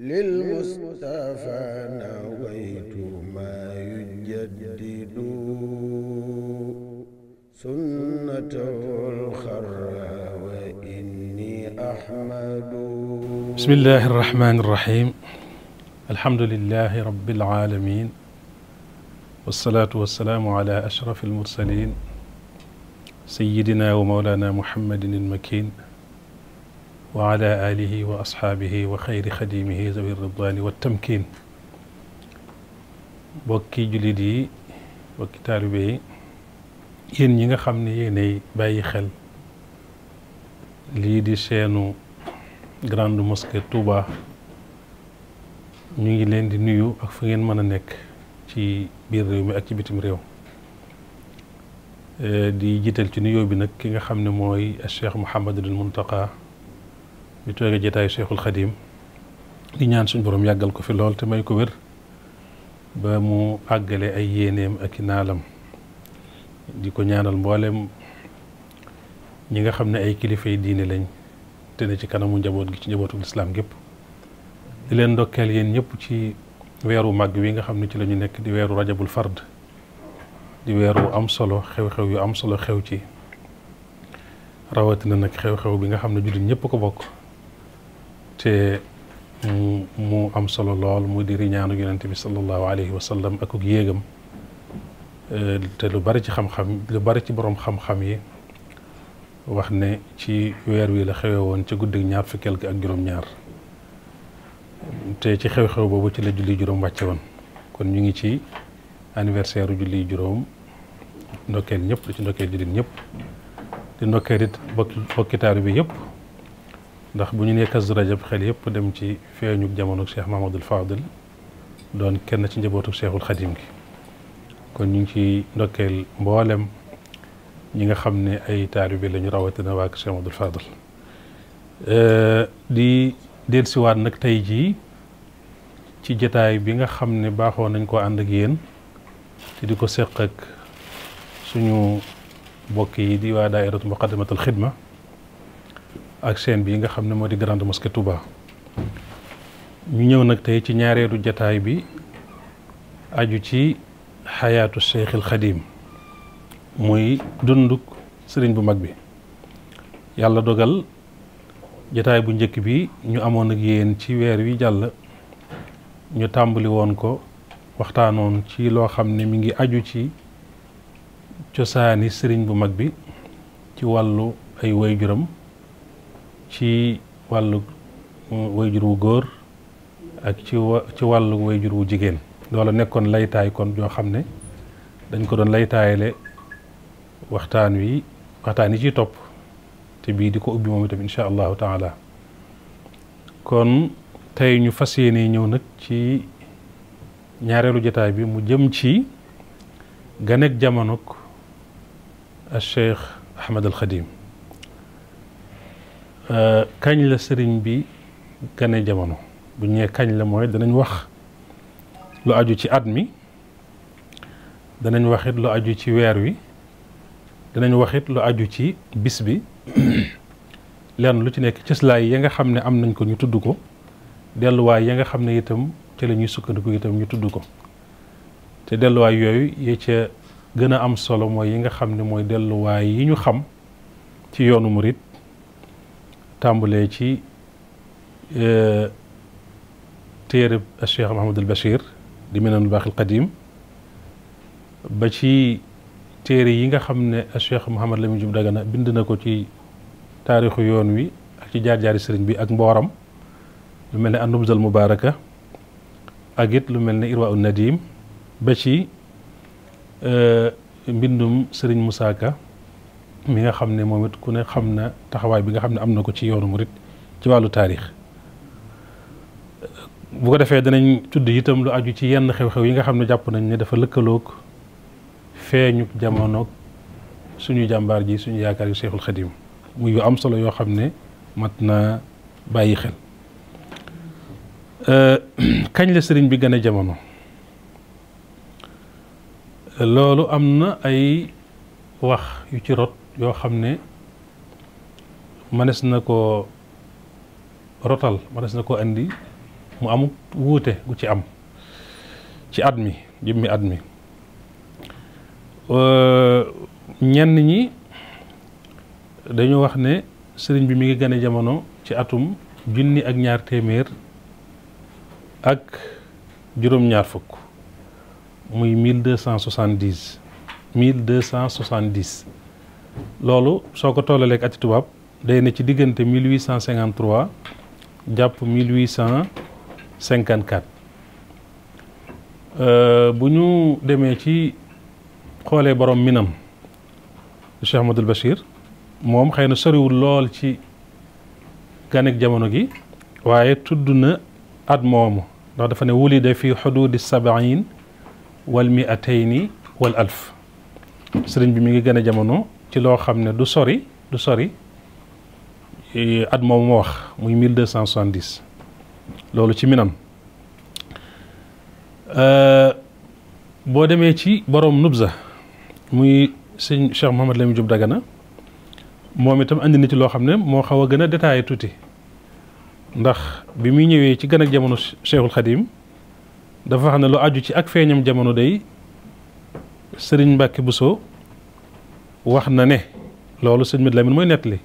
للمصطفى نويت ما يجدد سنته الخرى وإني أحمد بسم الله الرحمن الرحيم الحمد لله رب العالمين والصلاة والسلام على أشرف المرسلين سيدنا ومولانا محمد المكين wa ala alihi wa asxaabihi wa xayri xadimihi zawi ridwaani wa tamkin bokki jullit yi bokki taalibe yi yéen ñi nga xam ne yéenay bàyyi xel lii di seenu grande mosquée Touba ñu ngi leen di nuyu ak fu ngeen mën a nekk ci biir réew mi ak ci bitim réew di jiital ci nuyoo bi nag ki nga xam ne mooy Cheikh Mouhamadul Muntaqa bi toogee jotaayu Cheikhul Khadim di ñaan suñ boroom yàggal ko fi lool te may ko wér ba mu àggale ay yéeneem ak i naalam di ko ñaanal mbooleem ñi nga xam ne ay kilifay diine lañ te ne ci kanamu njaboot gi ci njabootul islam gépp di leen ndokkeel yéen ñëpp ci weeru màgg wi nga xam ne ci la ñu nekk di weeru rajabul fard di weeru am solo xew-xew yu am solo xew ci rawatina nag xew-xew bi nga xam ne jullit ñëpp ko bokk te mu am solo lool mu di riñaanu yonente bi sallallahu alayhi wa sallam ak ak yéegam eh, te lu bari ci xam-xam lu bari ci boroom xam-xam yi wax ne ci weer wii la xewe woon ci guddi ñaar fukkeel gi ak juróom-ñaar te ci xew-xew boobu ci la julli juróom wàcce woon kon ñu ngi ci anniversaire julli juróom ndokkeel ñëpp di ci ndokkeel jullit ñëpp di ndokkeel it bokkitaaru bi yëpp ndax bu ñu nee Kazu Rajab xel yëpp dem ci feeñu jamono Cheikh Mahmadul Fadil doon kenn ci njabootu Cheikhul Xadim gi kon ñu ngi ci ndokkeel mboolem ñi nga xam ne ay taalibe lañu rawatina waa Cheikh Mahmadul Fadil di dellusiwaat nag tey jii ci jataay bi nga xam ne baaxoo nañ koo ànd ak yéen te di ko seq ak suñu mbokk yi di waa daa daayiratu Muqaddamatul Xidma ak seen bi nga xam ne moo di Grande Mosquée Touba ñu ñëw nag tey ci ñaareelu jataay bi aju ci xayaatu Cheikhul Xadim muy dunduk sëriñ bu mag bi yàlla dogal jataay bu njëkk bi ñu amoon ak yéen ci weer wi jàll ñu tàmbali woon ko waxtaanoon ci loo xam ne mi ngi aju ci cosaani sëriñ bu mag bi ci wàllu ay waajuram ci wàllu uh, wayjur wu góor ak ci ci wàllu wayjur wu jigéen loola nekkoon laytaay kon joo xam ne dañ ko doon laytaayale waxtaan wi waxtaan yi ci topp te bii di ko ubbi moom itam incha allahu taala kon tey ñu fas yéene ñëw nag ci ñaareelu jataay bi mu jëm ci ganeek jamonok al cheikh ahmad al xadim Euh, kañ la sëriñ bi gane jamono bu ñee kañ la mooy danañ wax lu aju ci at mi danañ waxit lu aju ci weer wi danañ waxit lu aju ci bis bi lenn lu ci nekk cëslaay ya nga xam ne am nañ ko ñu tudd ko delluwaay ya nga xam ne itam ci la ñuy sukkandiku itam ñu tudd ko te delluwaay yooyu ya ca gën a am solo mooy yi nga xam ne mooy delluwaay yi ñu xam ci yoonu murit tàmbulee ci e, téere Cheikh Mahamadul Bachir di Minanul Baaxil Qadim ba ci téere yi nga xam ne Cheikh Mouhamad Lamine Diop Dagana bind na ko ci taarixu yoon wi ak ci jaar-jaari sëriñ bi ak mbooram lu mel ne An-Nubzal Mubaaraka ak it lu mel ne Irwa un Nadim ba ci e, mbindum sëriñ Moussa mi nga xam ne moom it ku ne xam na taxawaay bi nga xam ne am na ko ci yoonu mu murit ci wàllu taarix bu ko defee danañ tudd itam lu aju ci yenn xew-xew yi nga xam ne jàpp nañ ne dafa lëkkalook feeñu jamonoog suñu jàmbaar ji suñu yaakaar yu Seexul Xadim yu am solo yoo xam ne mat na bàyyi xel kañ la sëriñ bi gën a jamono loolu am na ay wax yu ci rot yoo xam ne mënees na ko rotal mënees na ko indi mu am wuute gu ci am ci at mi jëmmi at mi ñenn ñi dañu wax ne sëriñ bi mi ngi gane jamono ci atum junni ak ñaar téeméer ak juróom-ñaar fukk muy mille deux cent soixante-dix mille deux cent soixante-dix loolu soo ko tollalee ati tubaab day ne ci diggante 1853 jàpp 1854 euh, bu ñu demee ci xoolee boroom minam Cheikh Ahmadul Bachir moom xëy na soriwul lool ci ganek jamono gi waaye tudd na at moomu ndax dafa ne wulida fi xuduudi sabain wal miatayni wal alf sëriñ bi mu ngi gane jamono ci loo xam ne du sori du sori at moom ma wax muy 1270 loolu ci minam euh, boo demee ci borom Nubza muy sëñ Cheikh Mouhamad Lamine Diop Dagana moom itam andi na loo xam ne moo xaw a gën a détaillé tuuti ndax bi muy ñëwee ci gën ak jamono Cheikhul Khadim dafa xam ne lu aju ci ak feeñam jamono day Serigne Mbacke Bousso wax na ne loolu sëñ Madi Lamin mooy nettali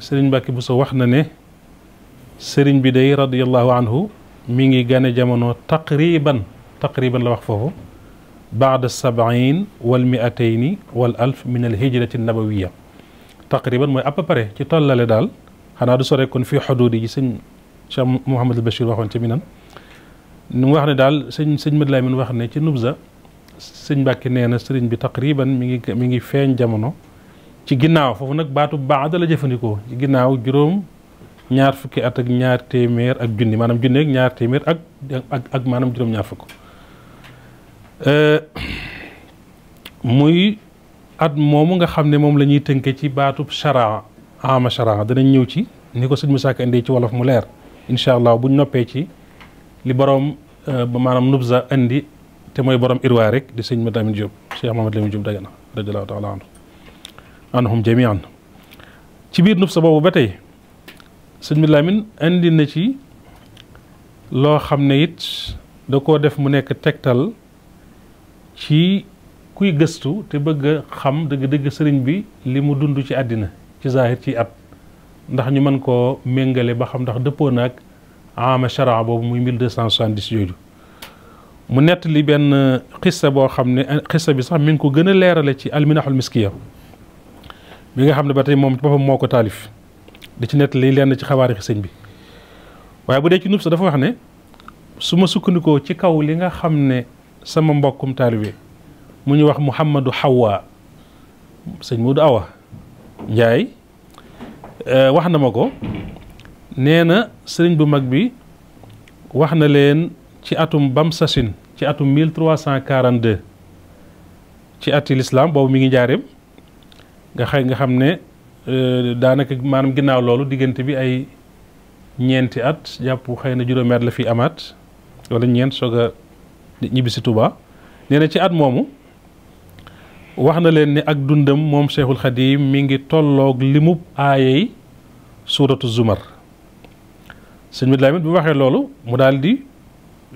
sëriñ bu so wax na ne sëriñ bi day radiallahu anhu mi ngi gane jamono taqriban taqriban la wax foofu baada sabain wal miatayni wal alf min al hijrati nabawiya taqriban mooy à peu près ci tollale daal xanaa du sore kon fii xuduudi ji sëñ Cheikh Mouhamadul Bachir waxoon ci minan mu wax ne daal sëñ sëñ Madi Lamin wax ne ci nubza sëñ Mbàkke nee na sëriñ bi taqriban mi ngi mi ngi feeñ jamono ci ginnaaw foofu nag baatu baada la jëfandikoo ci ginnaaw juróom ñaar fukki at ak ñaar ak junni maanaam junni ñaar téeméer ak ak ak maanaam juróom euh, muy at moomu nga xam ne moom la ñuy tënke ci baatu sharaa ama sharaa danañ ñëw ci ni ko sëñ Musaa Ka indee ci wolof mu leer incha allah buñ noppee ci li boroom euh, ba maanaam nubza indi te mooy borom irwaay rek di sëñ Mame Lamine Diop Cheikh Mamadou Lamine Diop Dagana radiyallahu taala anhu anhum jamian ci biir nuf sa boobu ba tey sëñ Mame Lamine indi na ci loo xam ne it da koo def mu nekk tegtal ci kuy gëstu te bëgg a xam dëgg-dëgg sëriñ bi li mu dund ci àddina ci zaahir ci at ndax ñu mën koo méngale ba xam ndax dëppoo naag ama sharaa boobu muy 1270 yooyu mu nettali benn xissa boo xam ne xissa bi sax mi ngi ko gën a leerale ci alminaxul miskiya bi nga xam ne ba tey moom boppam moo ko taalif di ci nettali lenn ci xabaari sëñ bi waaye bu dee ci nub sa dafa wax ne su ma sukkandikoo ci kaw li nga xam ne sama mbokkum bi mu ñu wax mu xam du Hawa sëñ Moodu Awa Njaay eh, wax na ma ko nee na sëriñ bu mag bi wax na leen ci atum Bamsasine ci atum 1342 ci ati lislaam boobu mi ngi njaareem nga xëy nga xam ne euh, daanaka maanam ginnaaw loolu diggante bi ay ñeenti at jàpp xëy na juróomi at la fi amaat wala ñeent soog a ñibbi si Touba nee ci at moomu wax na leen ni ak dundam moom Cheikhul Khadim mi ngi tolloog limub aayey suuratu Zumar sëñ bi Lamin bi waxee loolu mu daal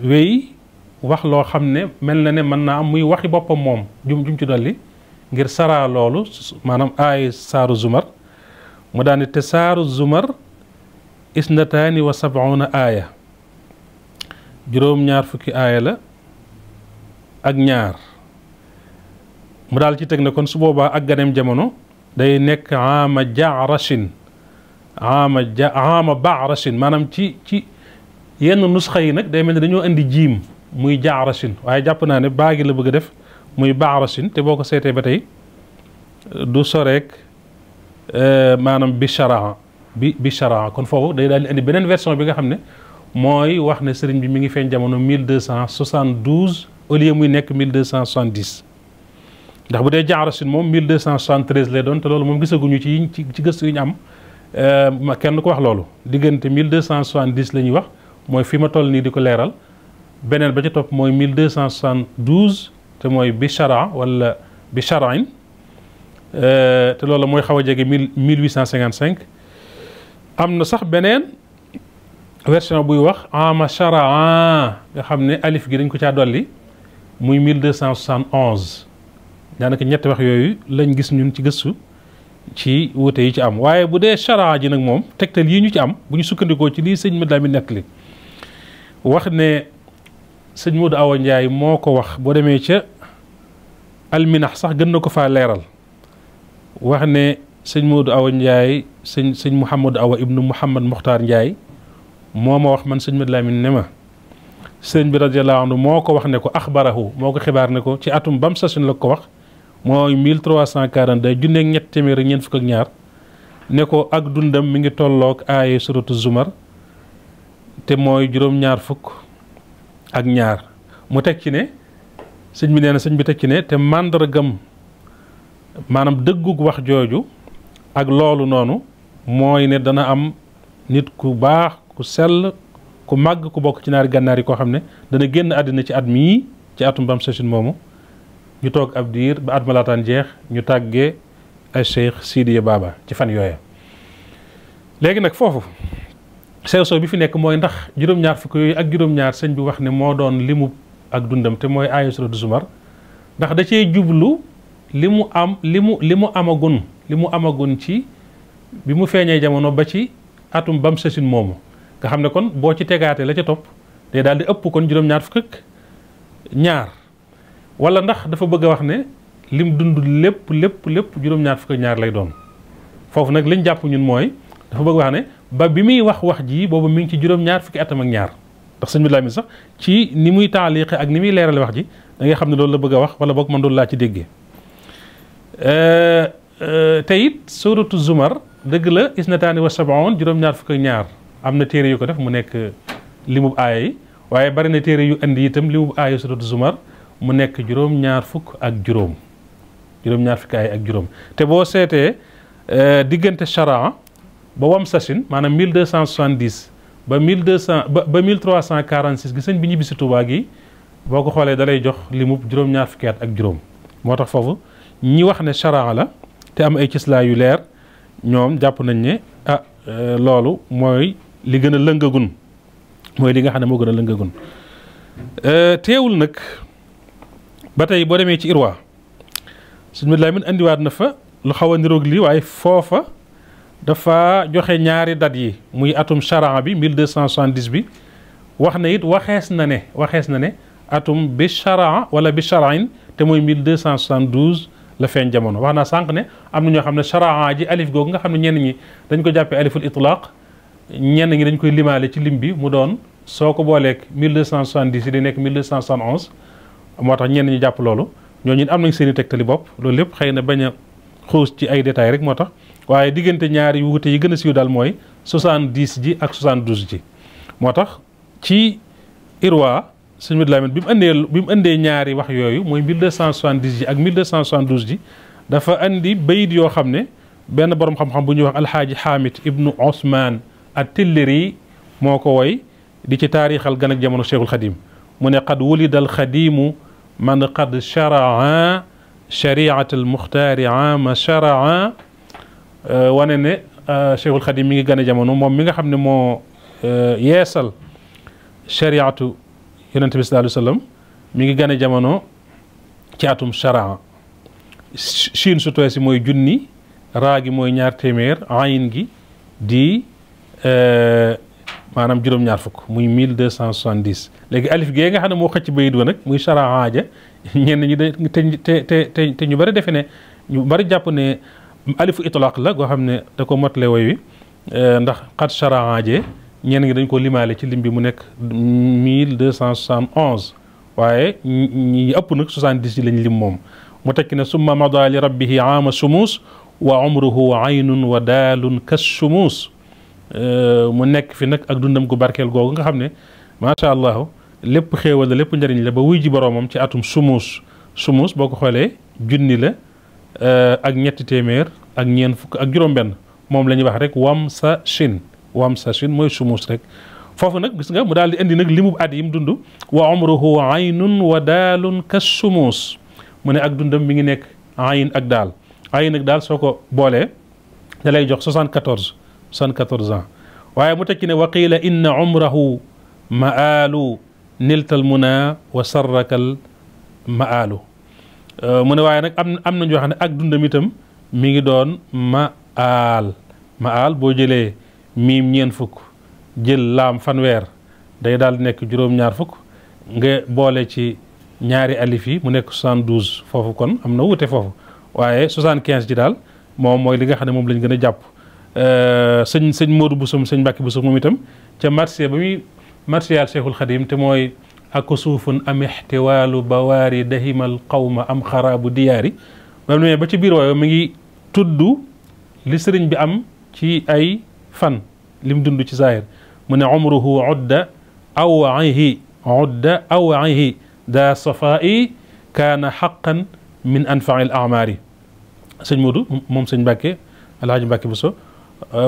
wéy wax loo xam ne mel na ne mën naa am muy waxi boppam moom jum jum ci dolli ngir saraa loolu maanaam aay saaru zumar mu daane te saaru zumar isnataani wa sabuuna aaya juróom-ñaar fukki aaya la ak ñaar mu daal ci teg na kon su booba ak ganeem jamono day nekk aama jaarashin aama ja aama maanaam ci ci yenn nusxa yi nag day mel ne dañoo indi jiim muy jaarasin waaye jàpp naa ne baagi la bëgg a def muy baarasin te boo ko seetee ba tey du soreek euh, maanaam bi charaa bi bi charaa kon foofu day daal di indi beneen version bi nga xam ne mooy wax ne sëriñ bi mu ngi feeñ jamono 1272 au lieu muy nekk 1270 ndax bu dee jaarasin moom 1273 lay doon te loolu moom gisaguñu ci ci ci gëstu yi ñu am euh, kenn ko wax loolu diggante 1270 la ñuy wax. mooy fi ma toll nii di ko leeral beneen ba ca topp mooy 1272 te mooy bi walla bi wala bicharain euh, te loolu mooy xaw a jege 1855 am na sax beneen version buy wax ama sharaa nga xam ne alif gi dañ ko caa dolli muy 1271 daanaka ñetti wax yooyu lañ gis ñun ci gëstu ci wute yi ci am waaye bu dee sharaa ji nag moom tegtal yii ñu ci am bu ñu sukkandikoo ci lii sëñ mi daal mi nekk li wax ne sëñ Modou Awa Ndiaye moo ko wax boo demee ca alminax sax gën na ko faa leeral wax ne sëñ Modou Awa Ndiaye sëñ sëñ Mouhamadou Awa ibnu Mouhamad Mokhtar njaay moo ma wax man sëñ Modou Lamine ne ma sëñ bi radiyallahu anhu moo ko wax ne ko ak axbarahu moo ko xibaar ne ko ci atum bam sa sasun la ko wax mooy 1342 junneeg ñett téeméer ñeent fukk ak ñaar ne ko ak dundam mi ngi tollook aaye suratu zumar te mooy juróom-ñaar fukk ak ñaar mu teg ci ne sëñ bi nee na sëñ bi teg ci ne te màndargam maanaam dëggug wax jooju ak loolu noonu mooy ne dana am nit ku baax ku sell ku màgg ku bokk ci naar gànnaar yi koo xam ne dana génn àddina ci at mii ci atum bam session moomu ñu toog ab diir ba at ma laataan jeex ñu tàggee ay Cheikh Sidiya Baba ci fan yooya léegi nag foofu sew-sew bi fi nekk mooy ndax juróom-ñaar fukk yooyu ak juróom-ñaar sëñ bi wax ne moo doon limu ak dundam te mooy aayu suratu Zumar ndax da cee jublu li mu am li mu li mu amagun li mu amagun ci bi mu feeñee jamono ba ci atum bam sësin moomu nga xam ne kon boo ci tegaatee la ca topp day daal di ëpp kon juróom-ñaar fukk ak ñaar wala ndax dafa bëgg a wax ne lim dund lépp lépp lépp juróom-ñaar fukk ñaar lay doon foofu nag liñ jàpp ñun mooy dafa bëgg wax ba bi muy wax wax ji boobu mi ngi ci juróom-ñaar fukk atam ak ñaar ndax sëñ bi sax ci ni muy taaliqe ak ni muy leerale wax ji da nga xam ne loolu la bëgg a wax wala boog man loolu laa ci déggee euh, euh, te it zumar dëgg la isnataani wa sabaon juróom-ñaar fukk ak ñaar am na téere yu ko def mu nekk limub aaya yi waaye bari na téere yu indi itam limub aaya suratu zumar mu nekk juróom ak juróom juróom-ñaar fukk ak juróom te boo seetee euh, diggante charan ba wam sachin maanaam 1270 ba 1200 ba ba 1346 gi sëñ bi ñibbi si Touba gi boo ko xoolee dalay jox limub juróom-ñaar fukki at ak juróom moo tax foofu ñi wax ne charaa la te am ay cislaa yu leer ñoom jàpp nañ ne ah euh, loolu mooy li gën a lëngagun mooy li nga xam ne moo gën a lëngagun euh, teewul nag ba tey boo demee ci Irwa sëñ bi Lamin indiwaat na fa lu xaw a niroog lii waaye foofa. dafa joxe ñaari dat yi muy atum charan bi 1270 bi wax na it waxees na ne waxees na ne atum bi charan wala bi charain te mooy 1272 la feeñ jamono wax naa sànq ne am na ñoo xam ne charan ji alif googu nga xam ne ñenn ñi dañ ko jàppee aliful itlaq ñenn ñi dañ koy limaale ci lim bi mu doon soo ko booleeg 1270 yi di nekk 1271 moo tax ñenn ñi jàpp loolu ñooñu it am nañ seen i tegtali bopp loolu lépp xëy na bañ a xuus ci ay détails rek moo tax waaye diggante ñaari wuute yi gën a siiw daal mooy soixante-dix ji ak soixante-douze ji moo tax ci irwa sëñ Modou Lamine bi mu bi mu indee ñaari wax yooyu mooy mille deux cent soixante-dix ji ak mille deux cent soixante-douze ji dafa indi bayit yoo xam ne benn borom xam-xam bu ñuy wax alxaaji Hamid ibnu Ousmane at-Tilleri moo ko woy di ci taarixal gan ak jamono Cheikhul Xadim mu ne qad wulida alxadimu man qad charaa chariat almuxtaari ama charaa Euh, wane ne euh, Cheikhul Khadim mi ngi gane jamono moom mi nga xam ne moo euh, yeesal chariatu yonent bi sallallahu alayhi mi ngi gane jamono caatum atum charaa Chine su tooy si mooy junni raa gi mooy ñaar téeméer ayin gi di maanaam juróom-ñaar fukk muy mille deux cent soixante dix léegi alif gee nga xam ne moo xëcc bayit wa nag muy saraaja ñenn ñi de te te te te ñu bari defe ne ñu bari jàpp ne alifu itlaq la goo xam ne da ko motale woy wi eh, ndax xat charaa jee ñenn ngi dañ ko limaale ci lim bi mu nekk mille deux cent soixante onze waaye ñi ëpp nag soixante dix yi lañ lim moom mu tekki ne summa mada li rabbihi aama sumuus wa umruhu aynun wa daalun kas sumuus eh, mu nekk fi nag ak dundam ko barkeel googu nga xam ne macha allah lépp xéewal la lépp njëriñ la ba wuy ji moom ci atum sumuus sumuus boo ko xoolee junni la Euh, ak ñetti téeméer ak ñeent fukk ak juróom-benn moom la ñuy wax rek wam sa chin wam sa chin mooy sumus rek foofu nag gis nga mu daal di indi nag limu at yi mu dund wa umruhu aynun wa daalun ka sumus mu ne ak dundam mi ngi nekk ayn ak daal ayn daal soo ko boolee dalay jox soixante-quatorze soixante-quatorze ans waaye mu tekki ne wa qiila inna umrahu maalu niltal muna wa sarrakal maalu Euh, mu ne waaye nag am am na ñoo xam ne ak dundam itam mi ngi doon ma aal ma aal boo jëlee miim ñeen fukk jël laam fanweer day daal di nekk juróom-ñaar fukk nga boole ci ñaari alif mu nekk douze foofu kon am na wuute foofu waaye quinze ji daal moom mooy li nga xam ne moom lañ gën a jàpp euh, sëñ sëñ Modou Bousso sëñ Mbacke Bousso moom itam ca marché ba muy marché al Cheikhul Khadim te mooy. ak suufun am ixtiwaalu bawaari dahimal qawma am xaraabu diyaari ba mu ne ba ci biir waaye mi ngi tudd li sëriñ bi am ci ay fan lim dund ci zaahir mu ne umruhu udda awaihi udda awaihi daa safaa'i kaana min anfai l amaari sëñ Modou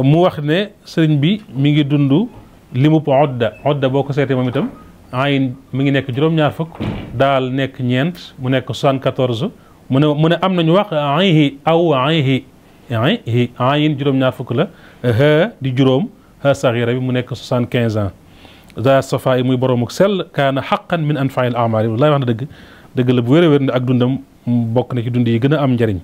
mu wax ne sëriñ bi mi ngi dund limub udda udda boo ko seetee moom itam ayin mi ngi nekk juróom-ñaar fukk daal nekk ñeent mu nekk soixante-quatorze mu ne mu ne am nañu wax ayhi aw ayhi ayhi ayin juróom-ñaar fukk la ha di juróom ha bi mu nekk soixante-quinze ans za safa muy boroomuk sell kaana xaqan min anfail amali wallahi wax na dëgg dëgg la bu wér a wér ak dundam bokk na ci dund yi gën a am njariñ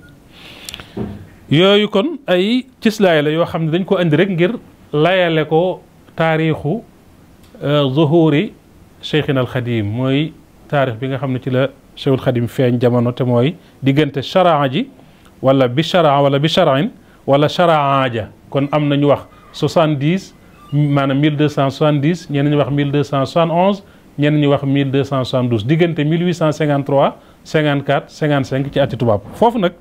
yooyu kon ay cislaay la yoo xam ne dañ ko indi rek ngir layale ko taarixu eh, zuhuri Cheikhina al Xadim mooy taarix bi nga xam ne ci la Cheikhul Xadim feeñ jamono te mooy diggante charaa ji wala bi charaa wala bi charain wala charaa ja kon am na ñu wax soixante dix maanaam mille deux cent soixante dix ñenn ñu wax mille deux cent soixante onze ñenn ñu wax mille deux cent soixante douze diggante mille huit cent cinquante trois cinq ci ati tubaab foofu nag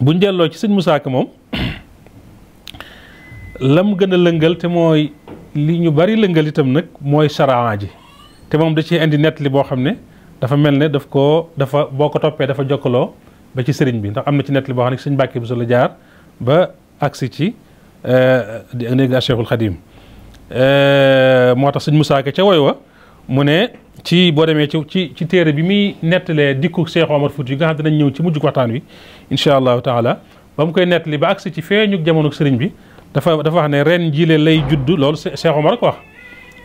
buñ delloo ci sëñ Musaa Ka moom lam gën a lëngal te mooy li ñu bari lëngal itam nag mooy charaa ji te moom da ciy indi nettali boo xam ne dafa mel ne daf ko dafa boo ko toppee dafa jokkaloo ba ci sëriñ bi ndax am na ci nettali boo xam ne sëñ Mbàkke Buso la jaar ba agsi ci eh, di néeg a Cheikhul eh, moo tax sëñ Musaa ca woy wa mu ne ci boo demee ci ci ci téere bi muy nettalee dikku Cheikh Omar Fouti yi nga xam dinañ ñëw ci mujj waxtaan wi incha allahu taala ba mu koy nettali ba agsi ci feeñu jamono sëriñ bi dafa dafa wax ne ren jile lay juddu loolu Cheikh Omar ko wax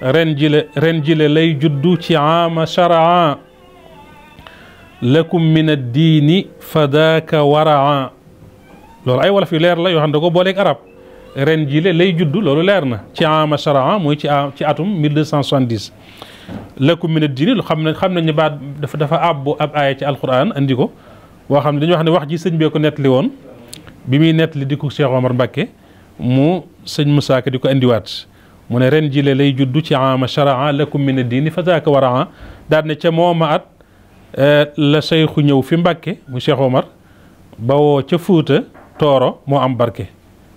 ren jile ren jile lay juddu ci ama charaa lakum min addiini fadaaka waraa loolu ay wolof yu leer la yoo xam ne da ko booleeg arab ren jile lay juddu loolu leer na ci ama charaa mooy ci ci atum 1270 lakum min addiini lu xam ne xam nañ ne baat dafa dafa àbbu ab aaya ci alquran andi ko boo xam ne dañu wax ne wax ji sëñ beeko ko woon bi muy nettali di ko Cheikh Omar Mbacke mu sëñ Moussa Ka di ko indiwaat mu ne ren jile lay juddu ci ama sharaa lakum min addiini fa zaaka waraa daal ne ca mooma at e, la sayxu ñëw fi Mbàkke mu Cheikh Omar bawoo ca Fuuta Tooro moo am barke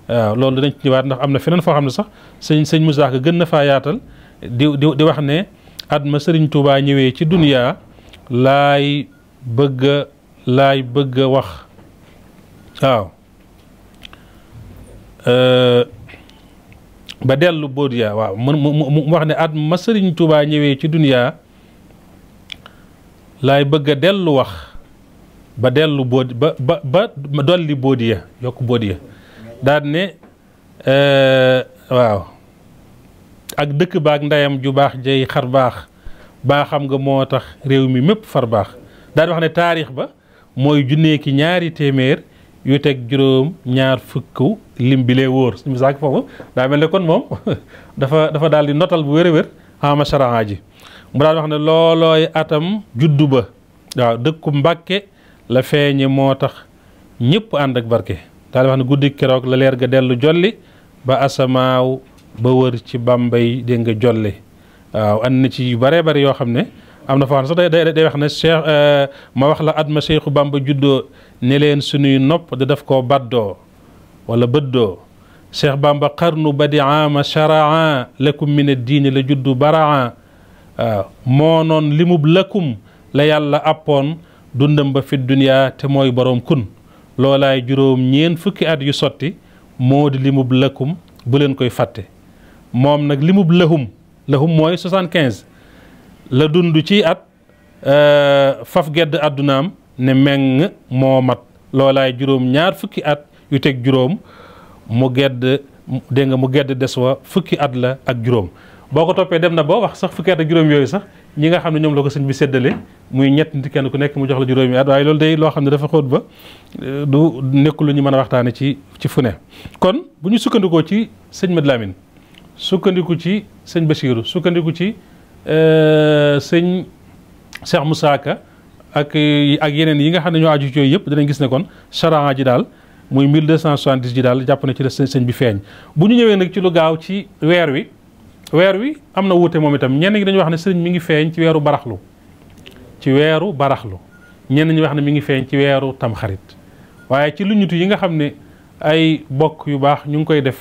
loolu dañ ci ñëwaat ndax am na feneen foo xam ne sax sëñ sëñ Moussa gën na faa yaatal di wax ne at ma sëriñ tuubaa ñëwee ci duniyaa laay bëgg laay bëgg a wax waaw Euh, ba dellu Bodia waaw mu mu wax ne at ma Sëriñ Tuubaa ñëwee ci duniyaa laay bëgg a dellu wax ba dellu bood ba ba ba dolli Bodia yokk Bodia daal ne euh, waaw ak dëkk baak ndeyam ju baax jay xar baax baa xam nga moo tax réew mi mépp far baax daal wax ne taarix ba mooy junnee ki ñaari téeméer yu teg juróom ñaar fukk lim bi lee wóor suñu saak foofu daa mel ne kon moom dafa dafa daal di notal bu wér a wér ama ah, sharaa ji mu daal wax ne loolooy atam juddu ba waaw dëkku mbàkke la feeñe moo tax ñépp ànd ak barke dal wax ne guddi keroog la leer ga dellu jolli ba asamaaw ba wër ci bambay dégg nga jolli waaw ànd na ci yu bare bare yoo xam ne am na foo xam ne sax day wax ne cheikh euh, ma wax la at ma cheikhu bamba juddoo ne leen suñuy nopp da def koo baddoo wala bëddoo cheikh bamba xarnu badi ama charaa lakum min addiini la juddu baraa moo noon limub lakum la yàlla appoon dundam ba fi duniya te mooy boroom kun loolaay juróom ñeen fukki at yu sotti moo di limub lakum bu leen koy fàtte moom nag limub lahum lahum mooy la dund ci at euh, faf gedd àddunaam ne meng moo mat loolaay juróom ñaar fukki at yu teg juróom mu gedd dégg nga mu gedd des wa fukki at la ak juróom boo ko toppee dem na boo wax sax fukki at ak juróom yooyu sax ñi nga xam ne ñoom la ko sëñ bi séddale muy ñett nit kenn ku nekk mu jox la juróomi at waaye loolu day loo xam ne dafa xóot ba euh, du nekk lu ñu mën a waxtaane ci ci fu kon bu ñu sukkandikoo ci sëñ Mad Lamin sukkandiku ci sëñ Basiiru sukkandiku ci euh, sëñ Cheikh Moussa Ka ak ak yeneen yi nga xam ne ñoo aju ci yooyu yëpp dinañ gis ne kon charaa ji daal muy 1270 ji daal jàpp na ci la sëñ bi feeñ bu ñu ñëwee nag ci lu gaaw ci weer wi weer wi am na wuute moom itam ñenn ñi dañu wax ne sëñ mi ngi feeñ ci weeru baraxlu ci weeru baraxlu ñenn ñi wax ne mi ngi feeñ ci weeru tamxarit waaye ci lu ñutu yi nga xam ne ay bokk yu baax ñu ngi koy def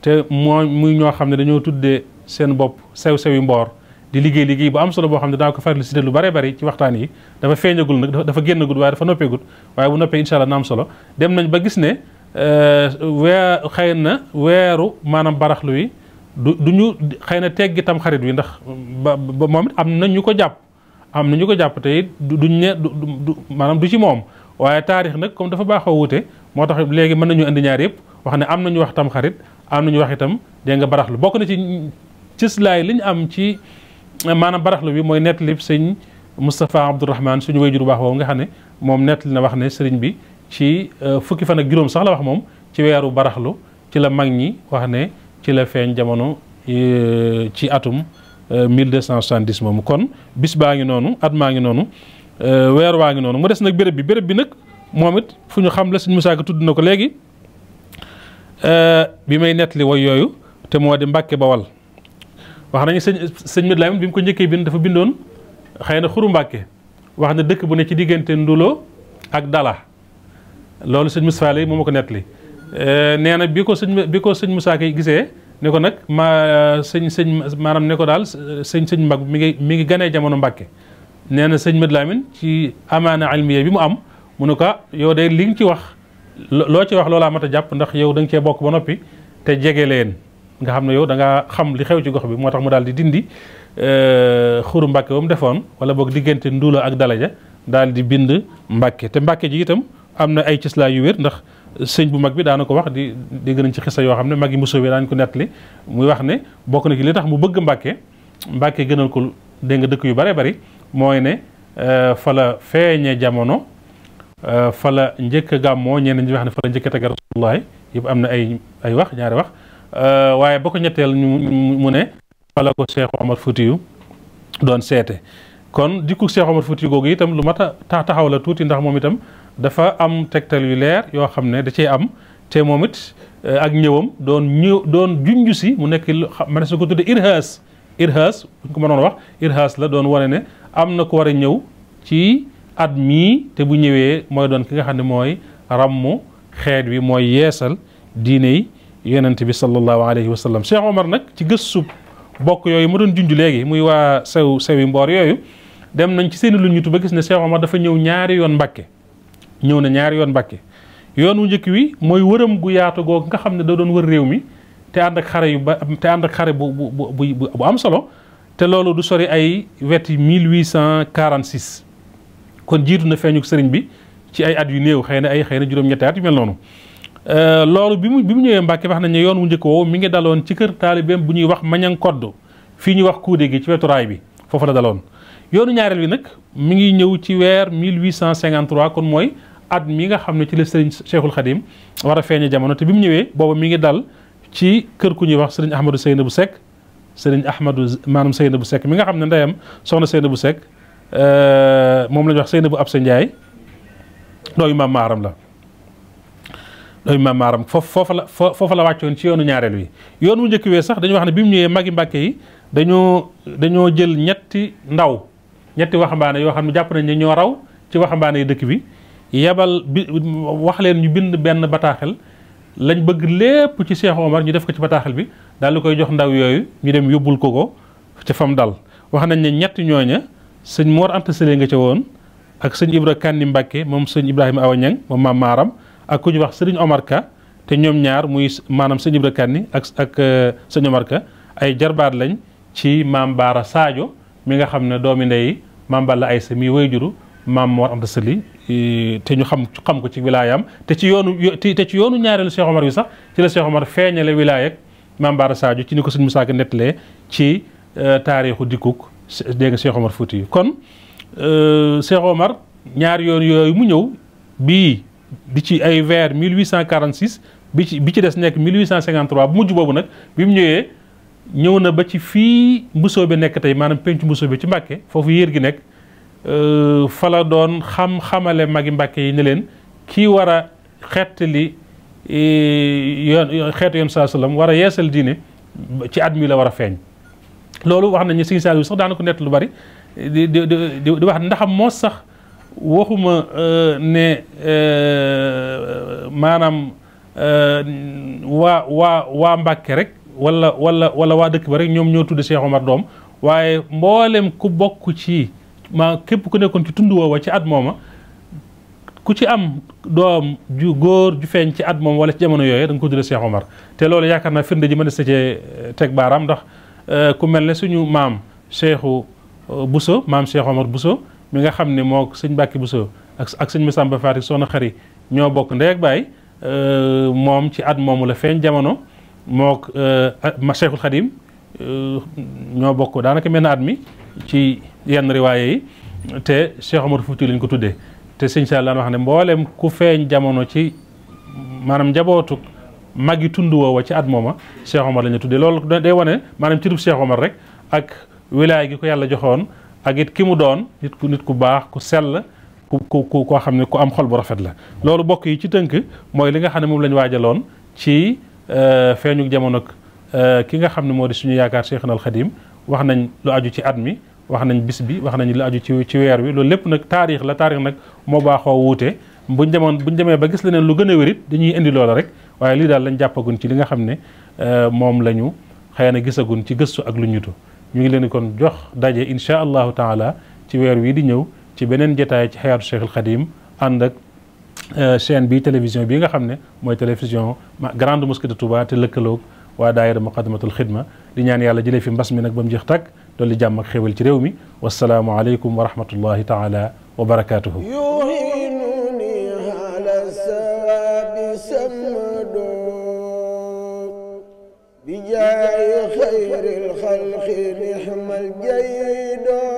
te moo muy ñoo xam ne dañoo tuddee seen bopp sew-sewi mboor di liggéey liggéey bu am solo boo xam ne daa ko faral di cité lu bare bari ci waxtaan yi dafa feeñagul nag dafa génnagul waaye dafa noppeegul waaye bu noppee incha allah na am solo dem nañ ba gis ne euh, weer na weeru maanaam baraxlu wi du du xëy na teggi wi ndax ba moom am na ko jàpp am na ñu ko jàpp te du duñ ne du maanaam du ci moom waaye taarix nag comme dafa baaxoo wute moo tax léegi mën nañu indi ñaar yëpp wax ne am nañu wax tam xarit am ñu wax itam dégg nga baraxlu bokk na ci cëslaay li am ci maanaam baraxlu bi mooy nett lib sëñ Moustapha Abdourahman suñu wayjur bu baax boobu nga xam ne moom nett li na wax ne sëriñ bi ci euh, fukki fan ak juróom sax la wax moom ci weeru baraxlu ci la mag ñi wax ne ci la feeñ jamono euh, ci atum 1270 euh, moomu kon bis baa ngi noonu at maa ngi noonu weer waa ngi noonu mu des nag béréb bi béréb bi nag moom it fu ñu xam la sëñ Musaa Ka tudd na ko léegi bi may nettali woy yooyu te moo di Mbàkke Bawal wax nañu sëñ sëñ Mate Lamine bi mu ko njëkkee bind dafa bindoon xëy na xuru Mbàkke wax na dëkk bu ne ci diggante Ndulo ak Dala loolu sëñ Moustapha Lay moo ma ko nettali euh, nee na bi ko sëñ bi ko sëñ Moussa Kay gisee ne ko nag ma sëñ sëñ maanaam ne ko daal sëñ sëñ mag mi ngi mi ngi ganee jamono Mbàkke nee na sëñ Mate Lamine ci amaana almiya bi mu am mu ne ko ah, yow de li nga ci wax loo ci wax loolaa mat a jàpp ndax yow da nga cee bokk ba noppi te jege leen. nga xam ne yow da ngaa xam li xew ci gox bi moo tax mu daal di dindi xuru euh, mbàkke ba mu defoon wala boog diggante nduula ak dalaja daal di bind mbàkke te mbàkke ji itam am na ay cislaa yu wér ndax sëñ bu mag bi daana ko wax di dégg nañ ci xisa yoo xam ne mag yi mosoo bi daañu ko nettali muy wax ne bokk na li tax mu bëgg mbàkke mbàkke gënal ko dégg nga dëkk yu bare bari mooy ne euh, fa la feeñe jamono euh, fa la njëkk gàmmoo ñenn ñi wax ne fa la njëkk tagg rasulullahi yëpp am na ay ay wax ñaari wax Euh, waaye ba ko ñetteel ñu mu ne fala ko Cheikh Omar doon seete kon dikku Cheikh Omar Foutiyu googu itam lu mat a taxaw la tuuti ndax moom itam dafa am tegtal yu leer yoo xam ne da cee am te moom it euh, ak ñëwam doon ñëw doon junju si mu nekk man su ko tuddee irhaas irhaas buñ ko mënoon wax irhaas la doon wane ne am na ko war a ñëw ci at mii te bu ñëwee mooy doon ki nga xam ne mooy ràmmu xeet wi mooy yeesal diine yi yonent bi sallallahu alayhi wa sallam Cheikh Omar nag ci gëstu bokk yooyu ma doon junj léegi muy waa sew sewi mboor yooyu dem nañ ci seen lu ñutu ba gis ne Cheikh Omar dafa ñëw ñaari yoon Mbàkke ñëw na ñaari yoon Mbàkke yoon wu njëkk wi mooy wëram gu yaatu goog nga xam ne da doon wër réew mi te ànd ak xare yu ba te ànd xare bu bu bu bu am solo te loolu du sori ay weti 1846 kon jiitu na feeñu sëriñ bi ci ay at yu néew xëy na ay xëy na juróom-ñetti at noonu. Euh, loolu bi mu bi mu ñëwee Mbàkke wax nañu yoon wu njëkk woowu mi ngi daloon ci kër taalibeem bu ñuy wax mañan kodd fii ñu wax kuude gi ci wetu raay bi foofu la daloon yoonu ñaareel bi nag mi ngi ñëw ci weer 1853 kon mooy at mi nga xam ne ci la sëriñ Cheikhul Khadim war a feeñe jamono te bi mu ñëwee booba mi ngi dal ci kër ku ñuy wax sëriñ Ahmadou Seynabou Seck sëriñ Ahmadou maanaam Seynabou Seck mi nga xam ne ndeyam soxna Seynabou Seck euh, moom la ñu wax Seynabou Absa Ndiaye dooyu maam maaram la maam maaram foofu foofa la foofa la wàccoon ci yoonu ñaareel wi yoon wu njëkk wee sax dañu wax ne bi mu ñëwee magi mbàkke yi dañoo dañoo jël ñetti ndaw ñetti waxambaane yoo xam ne jàpp nañ ne ñoo raw ci waxambaane yi dëkk bi yebal bi wax leen ñu bind benn bataaxel lañ bëgg lépp ci Cheikh Omar ñu def ko ci bataaxel bi daal di koy jox ndaw yooyu ñu dem yóbbul ko ko ci fam dal wax nañ ne ñetti ñooña sëñ Mor Anta Sële nga ca woon ak sëñ Ibra Kandi Mbàkke moom sëñ Ibrahima Awa ak ku ñu wax sëriñ Omar Ka te ñoom ñaar muy maanaam sëñ Ibra Kanni ak ak euh, sëñ Omar Ka ay jarbaat lañ ci maam Baara Sadio mi nga xam ne doomi ndey maam Balla Aysa mi way juru maam Mor Anta Sali te ñu xam xam ko ci wilaayam te ci yoonu te ci yoonu ñaareelu Cheikh Omar bi sax ci la Cheikh Omar feeñale wilaaya ak maam Baara Sadio ci ni ko sëñ Musaa Ka nettalee ci euh, taarixu dikkuk dégg nga Cheikh Omar Fouti kon euh, Cheikh Omar ñaar yoon yooyu mu ñëw bii di ci ay mille vers 1846 bi ci bi ci des nekk 1853 bu mujj boobu nag bi mu ñëwee ñëw na ba ci fii mbusoo bi nekk tey maanaam penc mbusoo bi ci Mbàkke foofu yéer gi nekk euh, fa la doon xam-xamale mag i Mbàkke yi ne leen kii war a xettali e, yoon xeetu yoon saa sallam war a yeesal diine ci at mi la war a feeñ loolu wax nañu ne Sëñ Saaliw sax daana ko nett lu bari di di di wax ndaxam moo sax waxuma euh, ne euh, maanaam euh, waa waa waa Mbàkke rek wala wala wala waa dëkk ba rek ñoom ñoo tudd Cheikh Omar doom waaye mboolem ku bokk ci ma képp ku nekkoon ci tund woowa ci at mooma ku ci am doom ju góor ju feeñ ci at moom wala ci jamono yooyu da nga ko tudd Cheikh Omar te loolu yaakaar naa firnde ji mën na sa cee teg baaraam ndax ku mel ne suñu maam Cheikhu Bousso maam Cheikh Omar Bousso mi nga xam ne moo sëñ Mbàkke Bousso ak ak sëñ Massamba Fatick soxna xari ñoo bokk ndey ak baay euh, moom ci at moomu la feeñ jamono mook euh, Cheikhul Khadim euh, ñoo bokk daanaka mel na at mi ci yenn riwaaye yi te Cheikh Omar lañ ko tuddee te sëñ Sall daan wax ne mboolem ku feeñ jamono ci maanaam njabootu mag yi tund woowa ci at mooma Cheikh Omar la ñu tuddee loolu day wane maanaam ci turu Cheikh rek ak wilaay gi ko yàlla joxoon. ak it ki mu doon nit ku nit ku baax ku sell ku ku koo xam ne ku am xol bu rafet la. loolu bokk yi ci tënk mooy li nga xam ne moom la ñu waajaloon ci euh, feeñu jamono euh, ki nga xam ne moo di suñu yaakaar Cheikhna al Khadim wax nañ lu ci at mi. wax nañ bis bi wax nañ lu aju ci weer wi loolu lépp nag taarix la taarix nag moo baaxoo wuute buñ demoon buñ demee ba gis leneen lu gën a wérit dañuy indi loola rek waaye lii daal lañ jàppagun ci li nga xam ne euh, moom la ñu xëy na gisagun ci gëstu ak lu ñutu ñu ngi leen kon jox daje incha allahu taala ci weer wii di ñëw ci beneen jataay ci xayaatu Cheikh al Xadim ànd ak euh, chaîne bi télévision bii nga xam ne mooy télévision grande mosquée de Touba te lëkkaloog waa daayira muqaddamatul xidma di ñaan yàlla jëlee fi mbas mi nag ba mu jeex tàkk dolli jàmm ak xéwal ci réew mi wasalaamu aleykum wa rahmatullahi taala wa barakaatuhu. bi jaayi xayril xalqi nixmal jaydoo